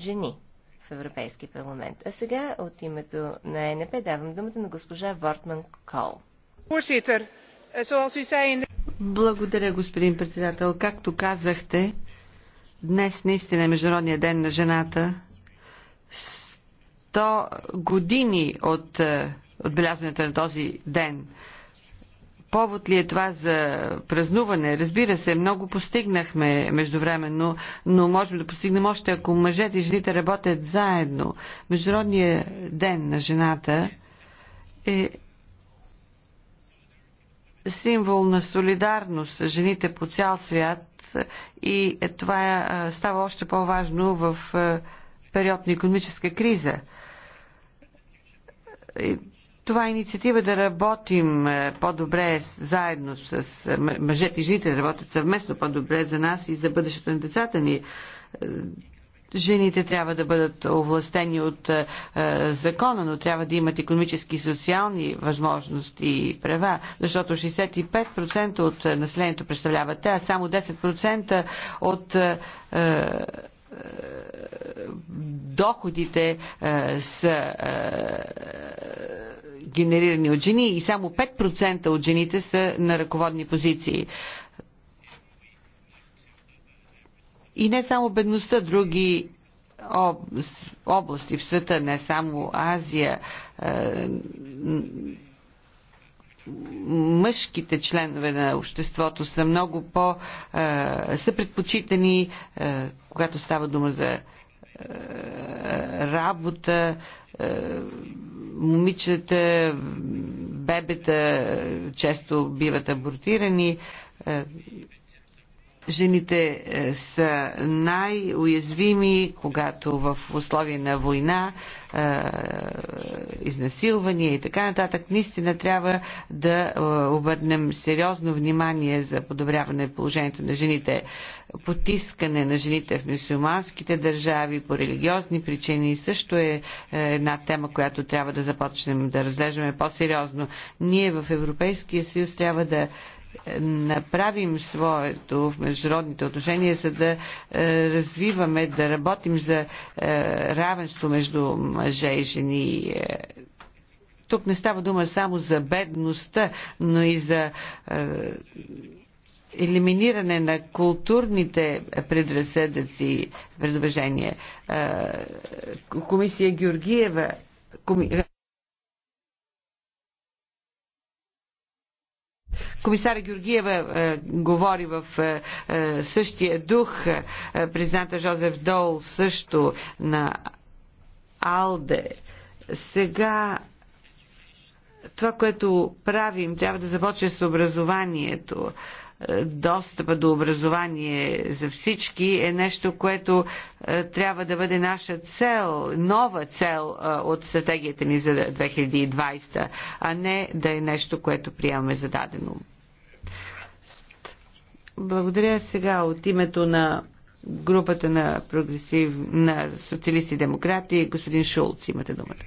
жени в Европейския парламент. А сега от името на ЕНП давам думата на госпожа Вортман Кол. Eh, Благодаря, господин председател. Както казахте, днес наистина е Международния ден на жената. Сто години от eh, отбелязването на този ден – Повод ли е това за празнуване? Разбира се, много постигнахме междувременно, но можем да постигнем още, ако мъжете и жените работят заедно. Международният ден на жената е символ на солидарност с жените по цял свят и това става още по-важно в период на економическа криза това е инициатива да работим е, по-добре заедно с е, мъжете и жените, да работят съвместно по-добре за нас и за бъдещето на децата ни. Е, жените трябва да бъдат овластени от е, закона, но трябва да имат економически и социални възможности и права, защото 65% от населението представляват те, а само 10% от е, е, доходите е, са. Е, генерирани от жени и само 5% от жените са на ръководни позиции. И не само бедността, други области в света, не само Азия, е, мъжките членове на обществото са много по... Е, са предпочитани, е, когато става дума за работа, момичета, бебета често биват абортирани. Е, Жените е, са най-уязвими, когато в условия на война, е, изнасилвания и така нататък, наистина трябва да е, обърнем сериозно внимание за подобряване на положението на жените. Потискане на жените в мусулманските държави по религиозни причини също е една тема, която трябва да започнем да разглеждаме по-сериозно. Ние в Европейския съюз трябва да направим своето в международните отношения, за да е, развиваме, да работим за е, равенство между мъже и жени. Е, тук не става дума само за бедността, но и за елиминиране на културните предразсъдъци, предубеждения. Комисия Георгиева, коми... Комисар Георгиева е, говори в е, е, същия дух. Е, президента Жозеф Дол също на Алде. Сега това, което правим, трябва да започне с образованието е, достъпа до образование за всички е нещо, което е, трябва да бъде наша цел, нова цел е, от стратегията ни за 2020, а не да е нещо, което приемаме за дадено. Благодаря сега от името на групата на прогресив на социалисти и демократи. Господин Шулц, имате думата.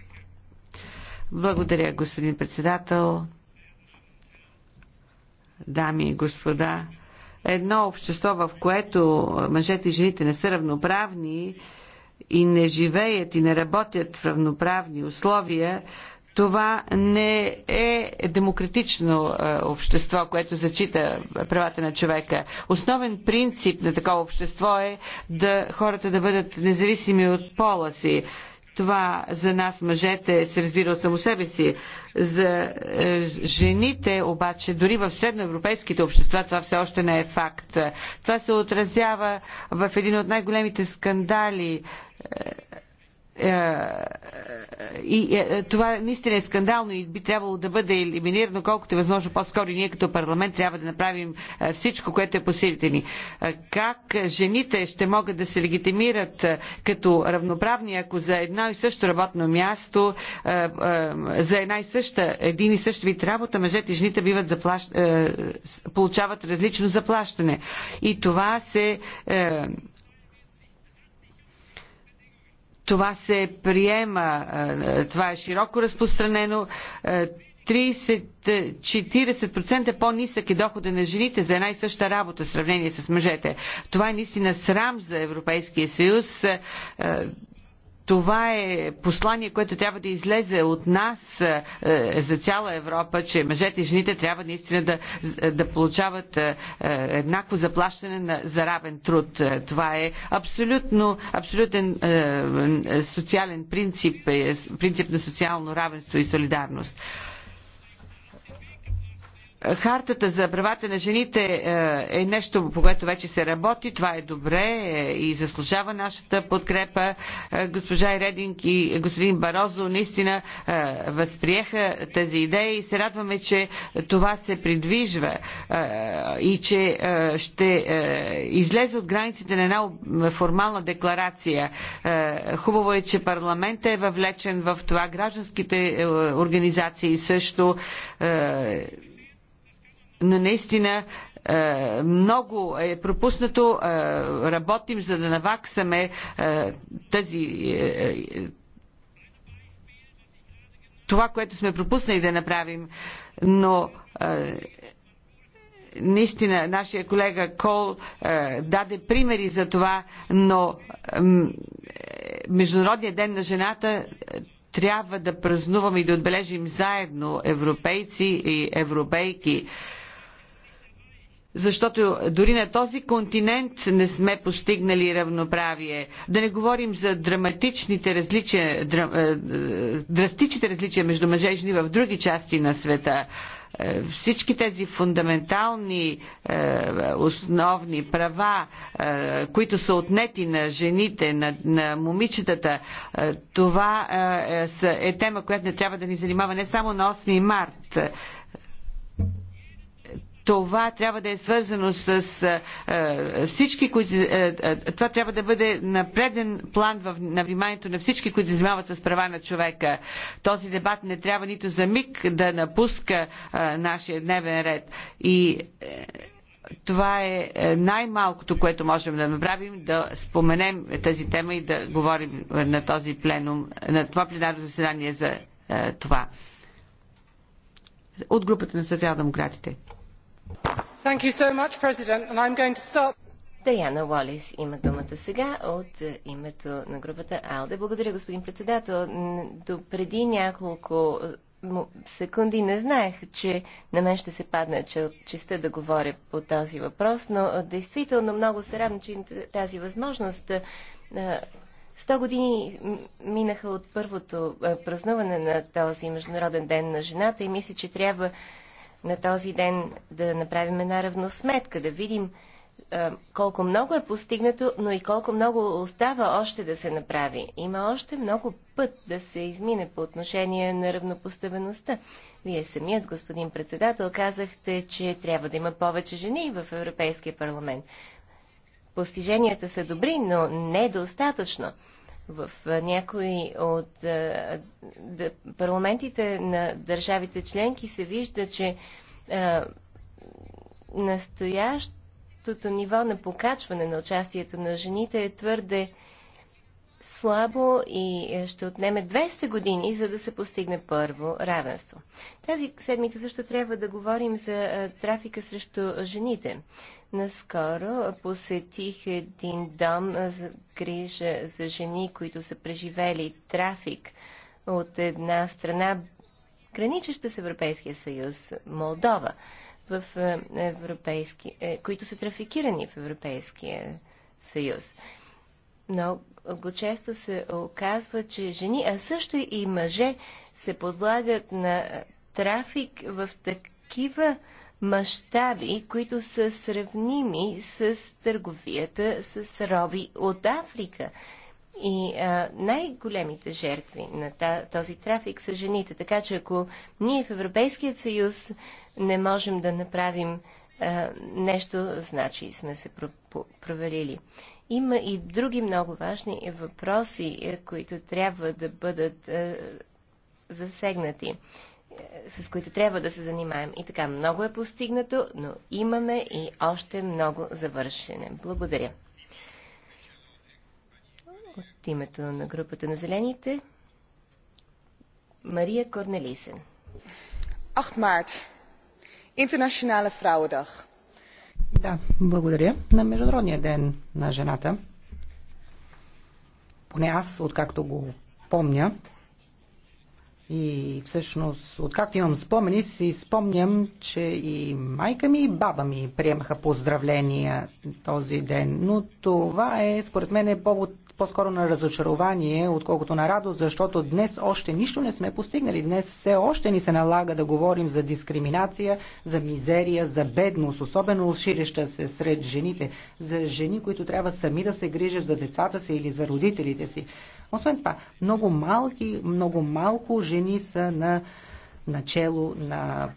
Благодаря, господин председател. Дами и господа, едно общество, в което мъжете и жените не са равноправни и не живеят и не работят в равноправни условия, това не е демократично е, общество, което зачита правата на човека. Основен принцип на такова общество е да хората да бъдат независими от пола си. Това за нас мъжете се разбира от само себе си. За е, жените обаче, дори в средноевропейските общества, това все още не е факт. Това се отразява в един от най-големите скандали. Е, е, и е, е, това наистина е скандално и би трябвало да бъде елиминирано колкото е възможно по-скоро. Ние като парламент трябва да направим е, всичко, което е по силите ни. Как жените ще могат да се легитимират като равноправни, ако за едно и също работно място, за една и съща, един и същ вид работа, мъжете и жените биват заплащ... получават различно заплащане. И това се това се приема, е, това е широко разпространено. 30-40% е, е, по-нисък е дохода на жените за една и съща работа в сравнение с мъжете. Това е наистина срам за Европейския съюз това е послание, което трябва да излезе от нас е, е, за цяла Европа, че мъжете и жените трябва наистина да, е, да получават еднакво заплащане на, за равен труд. Това е абсолютно, абсолютен социален принцип, принцип на социално равенство и солидарност. Хартата за правата на жените е, е нещо, по което вече се работи. Това е добре е, и заслужава нашата подкрепа. Е, госпожа Рединг и господин Барозо наистина възприеха тази идея и се радваме, че това се придвижва и че ще излезе от границите на една формална декларация. Хубаво е, че парламентът е въвлечен в това. Гражданските организации също но наистина е, много е пропуснато. Е, работим за да наваксаме е, тази това, което сме пропуснали да направим, но наистина нашия колега Кол е, даде примери за това, но е, Международният ден на жената е, трябва да празнуваме и да отбележим заедно европейци и европейки. Е, защото дори на този континент не сме постигнали равноправие. Да не говорим за драматичните различия, дра, е, е, драстичните различия между мъже и жени в други части на света. Е, всички тези фундаментални основни права, които са отнети на жените, на, на момичетата, това е тема, която не трябва да ни занимава не само на 8 март, това трябва да е свързано с е, е, всички, които. Е, това трябва да бъде на преден план в, на вниманието на всички, които се занимават с права на човека. Този дебат не трябва нито за миг да напуска нашия дневен ред. И това е най-малкото, което можем да направим, да споменем тази тема и да говорим на този пленум, на това пленарно заседание за това. От групата на социал-демократите. Start... Даяна Уолис има думата сега от е, името на групата АЛДЕ. Благодаря, господин председател. До преди няколко е, секунди не знаех, че на мен ще се падне че, честа да говоря по този въпрос, но е, действително много се радвам, че има тази възможност. Сто години минаха от първото празнуване на този Международен ден на жената и мисля, че трябва на този ден да направим една равносметка, да видим колко много е постигнато, но и колко много остава още да се направи. Има още много път да се измине по отношение на равнопоставеността. Вие самият, господин председател, казахте, че трябва да има повече жени в Европейския парламент. Постиженията са добри, но недостатъчно в някои от парламентите на държавите членки се вижда, че настоящото ниво на покачване на участието на жените е твърде слабо и е, ще отнеме 200 години, за да се постигне първо равенство. Тази седмица също трябва да говорим за е, трафика срещу жените. Наскоро посетих един дом е, за грижа за жени, които са преживели трафик от една страна, граничеща с Европейския съюз, Молдова, в европейски, които са трафикирани в Европейския съюз. Но много често се оказва, че жени, а също и мъже се подлагат на трафик в такива мащаби, които са сравними с търговията с роби от Африка. И най-големите жертви на та, този трафик са жените. Така че ако ние в Европейският съюз не можем да направим а, нещо, значи сме се про провалили. Има и други много важни въпроси, е, които трябва да бъдат е, засегнати, е, с които трябва да се занимаем. И така, много е постигнато, но имаме и още много завършене. Благодаря. От името на групата на зелените, Мария Корнелисен. 8 март. Internationale Vrouwendag. Да, благодаря. На Международния ден на жената, поне аз, откакто го помня, и всъщност, откакто имам спомени, си спомням, че и майка ми и баба ми приемаха поздравления този ден. Но това е, според мен, е повод по-скоро на разочарование, отколкото на радост, защото днес още нищо не сме постигнали. Днес все още ни се налага да говорим за дискриминация, за мизерия, за бедност, особено ширеща се сред жените, за жени, които трябва сами да се грижат за децата си или за родителите си. Освен това, много малки, много малко жени са на начало на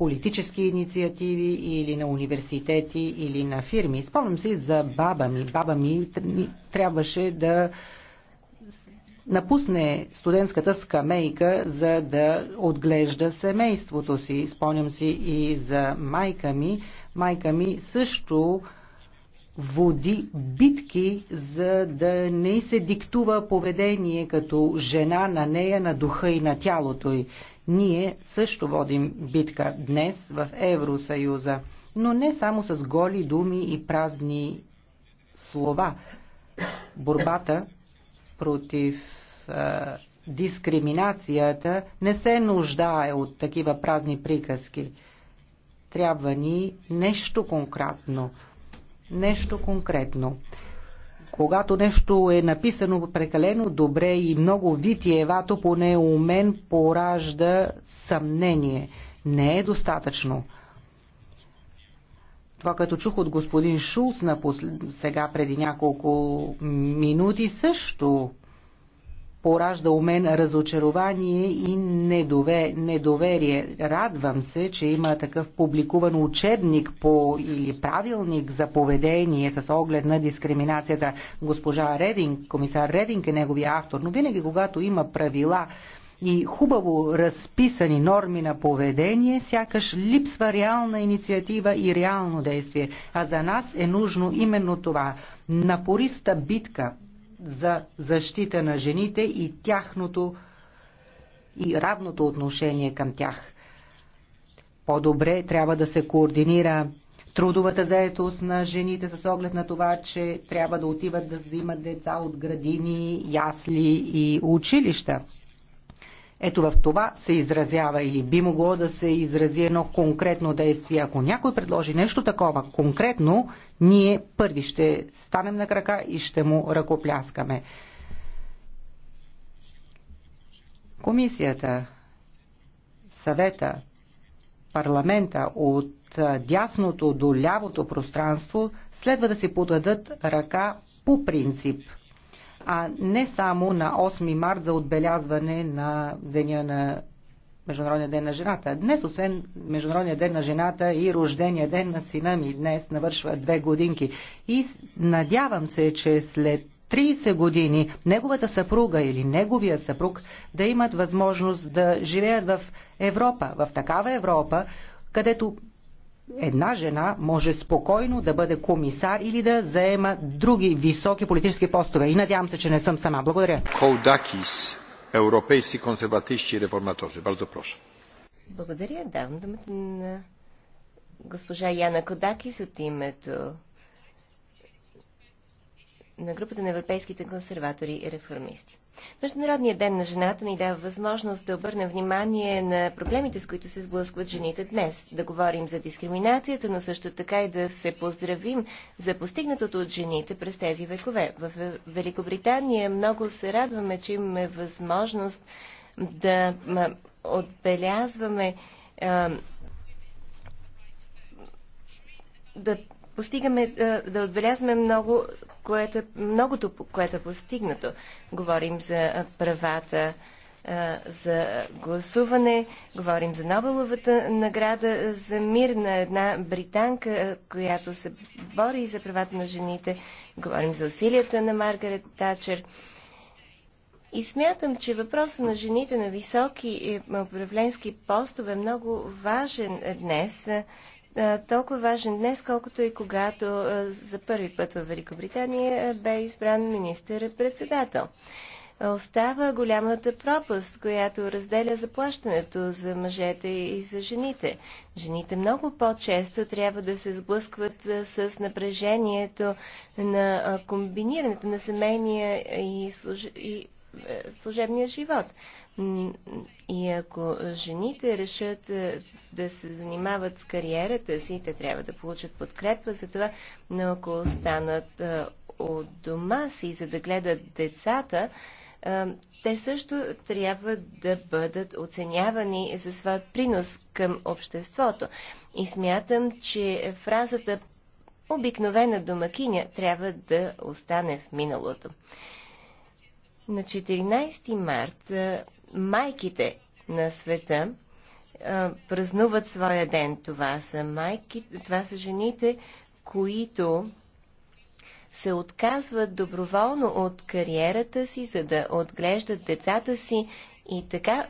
политически инициативи или на университети или на фирми. Спомням си за баба ми. Баба ми трябваше да напусне студентската скамейка, за да отглежда семейството си. Спомням си и за майка ми. Майка ми също води битки, за да не се диктува поведение като жена на нея, на духа и на тялото й. Ние също водим битка днес в Евросъюза, но не само с голи думи и празни слова. Борбата против дискриминацията не се нуждае от такива празни приказки. Трябва ни нещо конкретно. Нещо конкретно. Когато нещо е написано прекалено добре и много витиевато, поне у мен поражда съмнение. Не е достатъчно. Това, като чух от господин Шулц напослед, сега преди няколко минути, също поражда у мен разочарование и недоверие. Радвам се, че има такъв публикуван учебник по или правилник за поведение с оглед на дискриминацията. Госпожа Рединг, комисар Рединг е неговия автор, но винаги когато има правила, и хубаво разписани норми на поведение, сякаш липсва реална инициатива и реално действие. А за нас е нужно именно това. Напориста битка за защита на жените и тяхното и равното отношение към тях. По-добре трябва да се координира трудовата заетост на жените с оглед на това, че трябва да отиват да взимат деца от градини, ясли и училища. Ето в това се изразява или би могло да се изрази едно конкретно действие. Ако някой предложи нещо такова конкретно, ние първи ще станем на крака и ще му ръкопляскаме. Комисията, съвета, парламента от дясното до лявото пространство следва да се подадат ръка по принцип – а не само на 8 март за отбелязване на деня на Международния ден на жената. Днес, освен Международния ден на жената и рождения ден на сина ми, днес навършва две годинки. И надявам се, че след 30 години неговата съпруга или неговия съпруг да имат възможност да живеят в Европа, в такава Европа, където една жена може спокойно да бъде комисар или да заема други високи политически постове. И надявам се, че не съм сама. Благодаря. Колдакис, европейски консерватисти и реформатори. Бързо прошу. Благодаря. Давам думата на госпожа Яна Кодакис от името на групата на европейските консерватори и реформисти. Международният ден на жената ни дава възможност да обърнем внимание на проблемите, с които се сблъскват жените днес. Да говорим за дискриминацията, но също така и да се поздравим за постигнатото от жените през тези векове. В Великобритания много се радваме, че имаме възможност да отбелязваме да постигаме, е, да отбелязваме много, което е, многото, което е постигнато. Говорим за правата е, за гласуване, говорим за Нобеловата награда за мир на една британка, е, която се бори за правата на жените, говорим за усилията на Маргарет Тачер. И смятам, че въпросът на жените на високи управленски постове е много важен днес, е, толкова важен днес, колкото и когато е, за първи път в Великобритания е, бе избран министър-председател. Остава голямата пропаст, която разделя заплащането за мъжете и за жените. Жените много по-често трябва да се сблъскват с напрежението на комбинирането на семейния и, и служебния живот. И ако жените решат е, да се занимават с кариерата си, те трябва да получат подкрепа за това, но ако останат е, от дома си, за да гледат децата, е, те също трябва да бъдат оценявани за своя принос към обществото. И смятам, че фразата обикновена домакиня трябва да остане в миналото. На 14 март майките на света а, празнуват своя ден. Това са, майки, това са жените, които се отказват доброволно от кариерата си, за да отглеждат децата си и така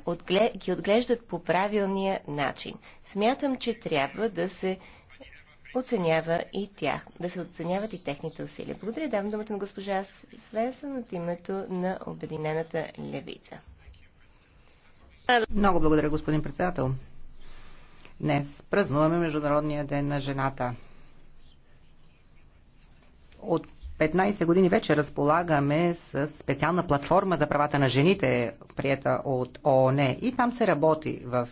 ги отглеждат по правилния начин. Смятам, че трябва да се оценява и тях, да се оценяват и техните усилия. Благодаря, давам думата на госпожа Свенсън от името на Обединената левица. Много благодаря, господин председател. Днес празнуваме Международния ден на жената. От 15 години вече разполагаме с специална платформа за правата на жените, прията от ООН. И там се работи в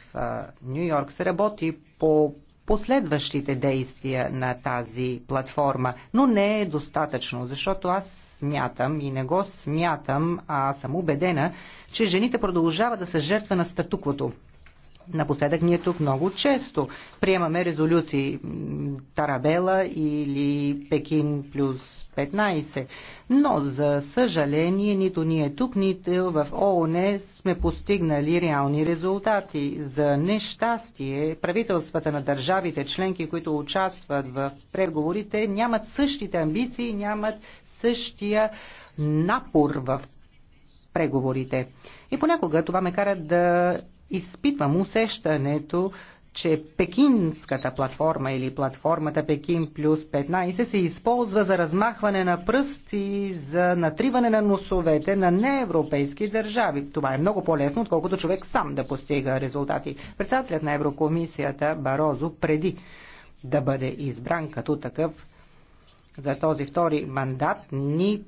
Нью Йорк, се работи по последващите действия на тази платформа. Но не е достатъчно, защото аз смятам и не го смятам, а съм убедена, че жените продължават да са жертва на статуквото. Напоследък ние тук много често приемаме резолюции Тарабела или Пекин плюс 15. Но, за съжаление, нито ние тук, нито в ООН сме постигнали реални резултати. За нещастие, правителствата на държавите членки, които участват в преговорите, нямат същите амбиции, нямат същия напор в преговорите. И понякога това ме кара да изпитвам усещането, че пекинската платформа или платформата Пекин плюс 15 се използва за размахване на пръст и за натриване на носовете на неевропейски държави. Това е много по-лесно, отколкото човек сам да постига резултати. Председателят на Еврокомисията Барозо преди да бъде избран като такъв за този втори мандат ни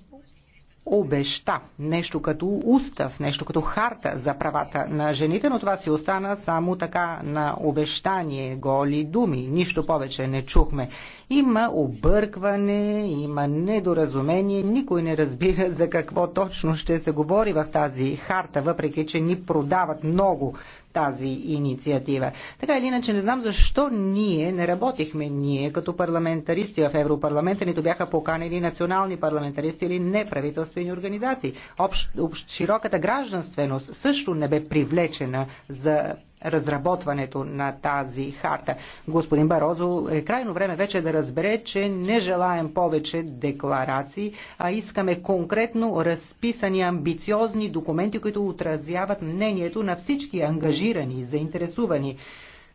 обеща нещо като устав, нещо като харта за правата на жените, но това си остана само така на обещание, голи думи. Нищо повече не чухме. Има объркване, има недоразумение, никой не разбира за какво точно ще се говори в тази харта, въпреки че ни продават много тази инициатива. Така или иначе не знам защо ние не работихме ние като парламентаристи в Европарламента, нито бяха поканени национални парламентаристи или неправителствени организации. Общ, общ, широката гражданственост също не бе привлечена за разработването на тази харта. Господин Барозо, е крайно време вече да разбере, че не желаем повече декларации, а искаме конкретно разписани амбициозни документи, които отразяват мнението на всички ангажирани, заинтересувани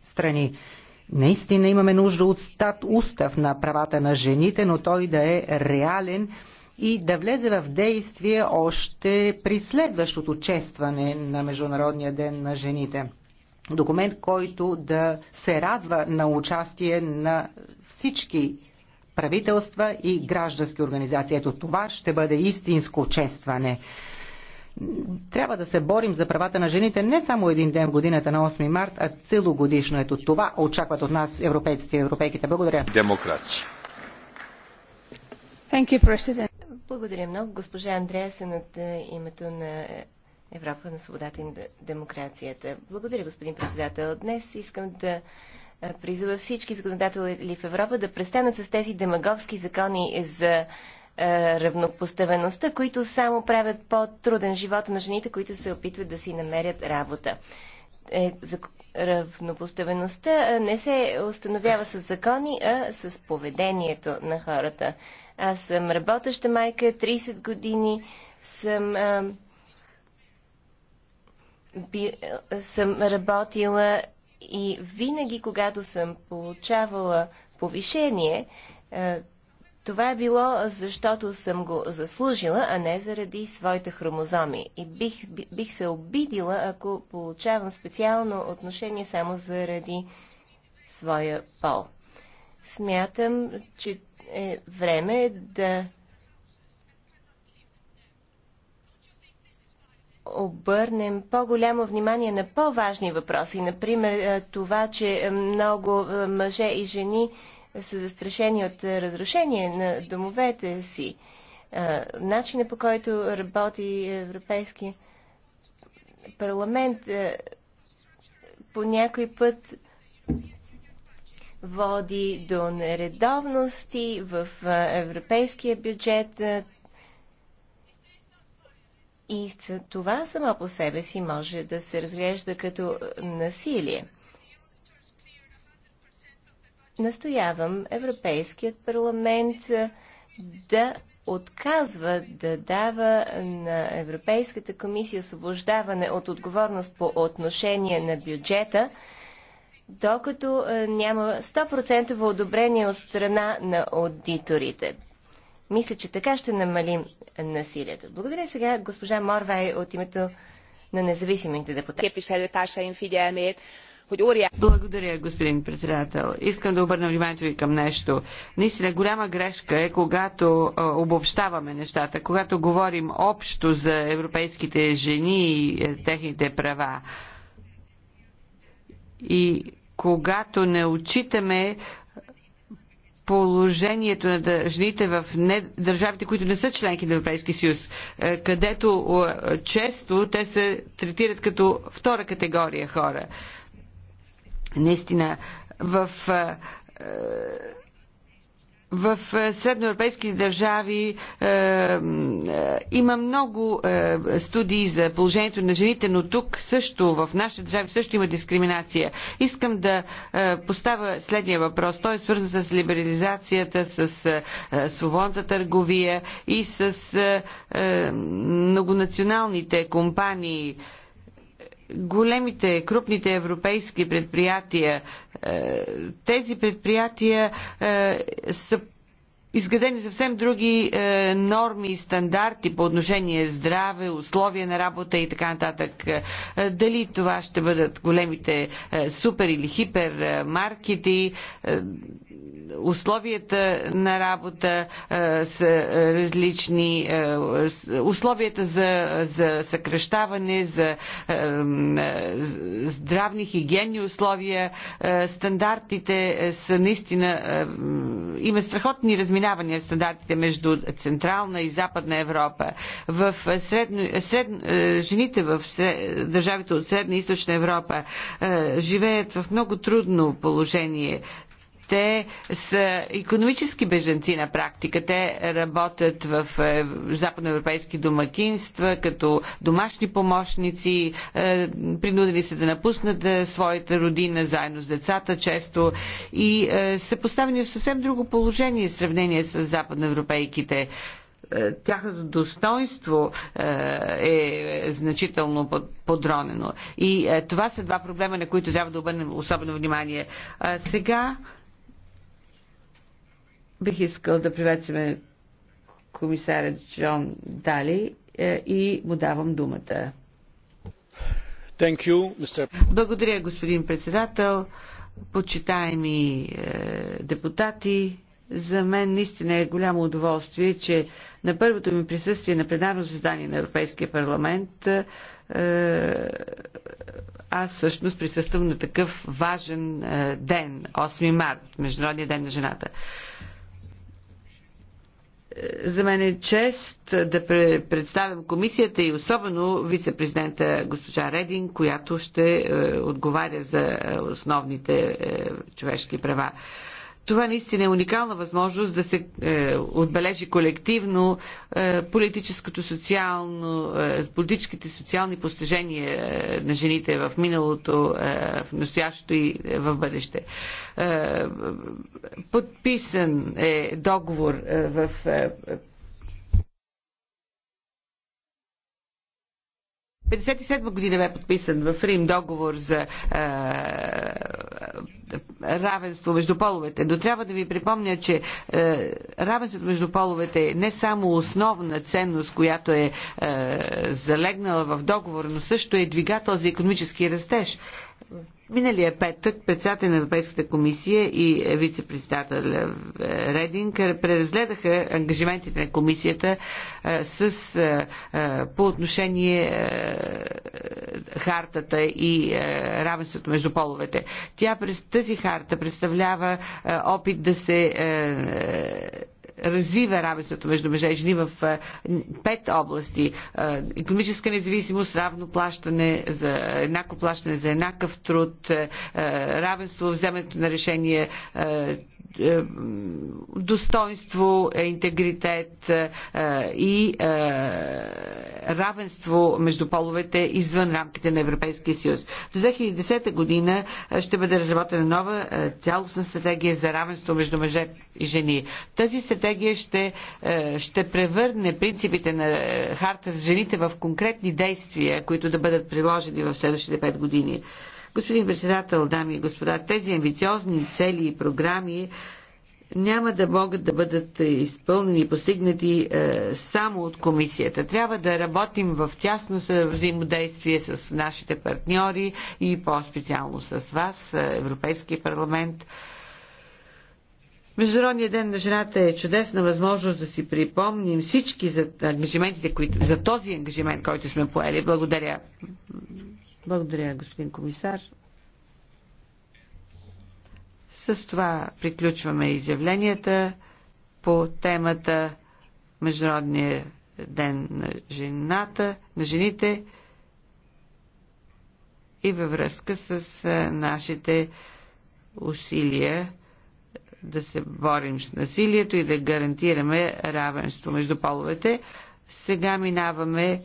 страни. Наистина имаме нужда от стат устав на правата на жените, но той да е реален и да влезе в действие още при следващото честване на Международния ден на жените документ, който да се радва на участие на всички правителства и граждански организации. Ето това ще бъде истинско честване. Трябва да се борим за правата на жените не само един ден в годината на 8 март, а целогодишно. Ето това очакват от нас европейците и европейките. Благодаря. Демокрация. Thank you, President. Благодаря много, госпожа Андреасен от е, името на Европа на свободата и демокрацията. Благодаря, господин председател. Днес искам да призова всички законодатели в Европа да престанат с тези демагогски закони за равнопоставеността, които само правят по-труден живот на жените, които се опитват да си намерят работа. Е, за равнопоставеността не се установява с закони, а с поведението на хората. Аз съм работеща майка, 30 години съм а, би, съм работила и винаги, когато съм получавала повишение, е, това е било защото съм го заслужила, а не заради своите хромозоми. И бих, бих се обидила, ако получавам специално отношение само заради своя пол. Смятам, че е време да обърнем по-голямо внимание на по-важни въпроси. Например, е, това, че много е, мъже и жени са застрашени от разрушение на домовете си. Е, начина по който работи Европейския парламент по някой път води до нередовности в европейския бюджет. И това само по себе си може да се разглежда като е, насилие. Настоявам Европейският парламент е, да отказва да дава на Европейската комисия освобождаване от отговорност по отношение на бюджета, докато е, няма 100% одобрение от страна на аудиторите. Мисля, че така ще намалим насилието. Благодаря сега госпожа Морвай от името на независимите депутати. Благодаря, господин председател. Искам да обърна вниманието ви към нещо. Наистина голяма грешка е, когато обобщаваме нещата, когато говорим общо за европейските жени и е, техните права. И когато не отчитаме положението на жените в не, държавите, които не са членки на Европейския съюз, е, където е, често те се третират като втора категория хора. Наистина, в е, в е, средноевропейски държави е, е, има много е, студии за положението на жените, но тук също, в нашите държави също има дискриминация. Искам да е, поставя следния въпрос. Той е свързан с либерализацията, с е, е свободната търговия и с е, е, многонационалните компании. Е, големите, крупните европейски предприятия, е, тези предприятия е, са изградени съвсем други е, норми и стандарти по отношение здраве, условия на работа и така нататък. дали това ще бъдат големите супер или хипер маркети, условията на работа са различни, условията за, за съкръщаване, за е, здравни хигиенни условия, е, стандартите са наистина, има страхотни разминавания в стандартите между Централна и Западна Европа. В средно, сред, жените в сред, държавите от Средна и Източна Европа живеят в много трудно положение те са економически беженци на практика. Те работят е, в западноевропейски домакинства, като домашни помощници, е, принудени са да напуснат е, своята родина заедно с децата често и са поставени в съвсем друго положение в сравнение с западноевропейките тяхното достоинство е значително подронено. И това са два проблема, на които трябва да обърнем особено внимание. Сега Бих искал да приветстваме комисаря Джон Дали е, и му давам думата. You, Благодаря, господин председател. Почитаеми е, депутати, за мен наистина е голямо удоволствие, че на първото ми присъствие на пленарно заседание на Европейския парламент е, аз всъщност присъствам на такъв важен е, ден, 8 март, Международния ден на жената. Е, за мен е чест да представям комисията и особено вице-президента госпожа Редин, която ще е, отговаря за е, основните е, човешки права. Това наистина е уникална възможност да се е, отбележи колективно е, политическото, социално, е, политическите социални постижения е, на жените в миналото, е, в настоящето и в бъдеще. Е, подписан е договор е, в. Е, 57 година бе подписан в Рим договор за е, равенство между половете. Но трябва да ви припомня, че е, равенството между половете е не само основна ценност, която е, е залегнала в договор, но също е двигател за економически растеж. Миналия петък председател на Европейската комисия и вице-председател е, Рединг е, преразгледаха ангажиментите на комисията е, с, по отношение хартата и равенството между половете. Тя през тази харта представлява опит да се развива равенството между мъже и жени в е, пет области. Е, економическа независимост, равно плащане за еднакво плащане за еднакъв труд, е, равенство в вземането на решение, е, достоинство, е, интегритет е, и равенство между половете извън рамките на Европейския съюз. До 2010 година ще бъде разработена нова цялостна стратегия за равенство между мъже и жени. Тази стратегия ще, ще превърне принципите на харта за жените в конкретни действия, които да бъдат приложени в следващите 5 години. Господин председател, дами и господа, тези амбициозни цели и програми няма да могат да бъдат изпълнени и постигнати е, само от комисията. Трябва да работим в тясно взаимодействие с нашите партньори и по-специално с вас, е, Европейския парламент. Международният ден на жената е чудесна възможност да си припомним всички за ангажиментите, които, за този ангажимент, който сме поели. Благодаря. Благодаря, господин комисар. С това приключваме изявленията по темата Международния ден на, жената, на жените и във връзка с нашите усилия да се борим с насилието и да гарантираме равенство между половете. Сега минаваме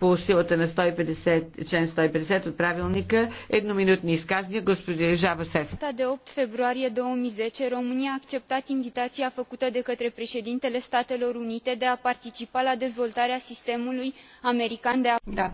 по силата на 150, член 150 от правилника. Едноминутни изказвания, господин Жабасес. de 8 februarie 2010, România a acceptat invitația făcută de către președintele Statelor Unite de a participa la dezvoltarea sistemului american de apărare.